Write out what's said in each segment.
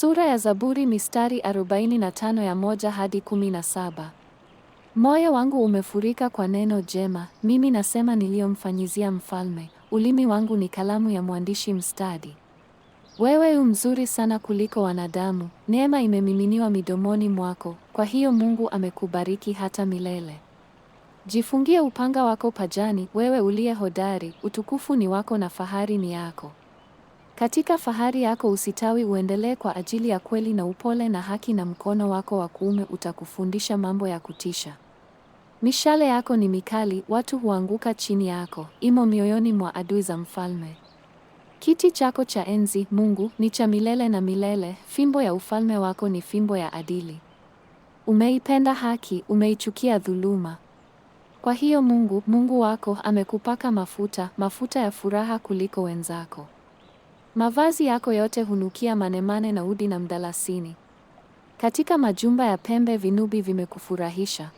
Sura ya Zaburi mistari 45 ya moja hadi 17. Moyo wangu umefurika kwa neno jema, mimi nasema niliyomfanyizia mfalme, ulimi wangu ni kalamu ya mwandishi mstadi. Wewe u mzuri sana kuliko wanadamu, neema imemiminiwa midomoni mwako, kwa hiyo Mungu amekubariki hata milele. Jifungie upanga wako pajani, wewe uliye hodari, utukufu ni wako na fahari ni yako. Katika fahari yako usitawi, uendelee kwa ajili ya kweli na upole na haki, na mkono wako wa kuume utakufundisha mambo ya kutisha. Mishale yako ni mikali, watu huanguka chini yako, imo mioyoni mwa adui za mfalme. Kiti chako cha enzi, Mungu, ni cha milele na milele, fimbo ya ufalme wako ni fimbo ya adili. Umeipenda haki, umeichukia dhuluma. Kwa hiyo Mungu, Mungu wako amekupaka mafuta, mafuta ya furaha kuliko wenzako. Mavazi yako yote hunukia manemane na udi na mdalasini. Katika majumba ya pembe vinubi vimekufurahisha.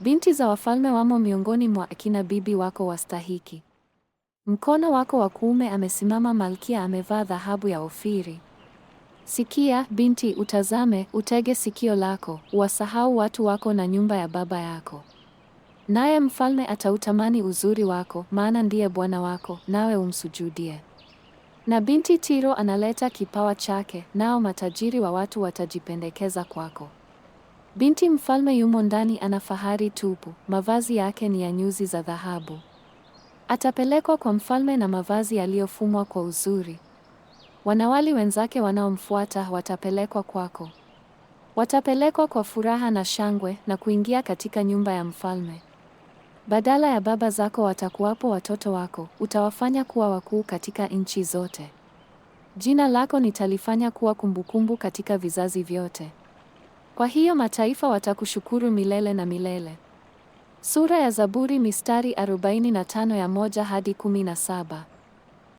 Binti za wafalme wamo miongoni mwa akina bibi wako wastahiki. Mkono wako wa kuume amesimama malkia amevaa dhahabu ya Ofiri. Sikia, binti, utazame, utege sikio lako, wasahau watu wako na nyumba ya baba yako. Naye mfalme atautamani uzuri wako, maana ndiye bwana wako, nawe umsujudie. Na binti Tiro analeta kipawa chake, nao matajiri wa watu watajipendekeza kwako. Binti mfalme yumo ndani, ana fahari tupu, mavazi yake ni ya nyuzi za dhahabu. Atapelekwa kwa mfalme na mavazi yaliyofumwa kwa uzuri. Wanawali wenzake wanaomfuata watapelekwa kwako. Watapelekwa kwa furaha na shangwe na kuingia katika nyumba ya mfalme. Badala ya baba zako watakuwapo watoto wako, utawafanya kuwa wakuu katika nchi zote. Jina lako nitalifanya kuwa kumbukumbu katika vizazi vyote. Kwa hiyo mataifa watakushukuru milele na milele. Sura ya Zaburi mistari 45 ya moja hadi 17.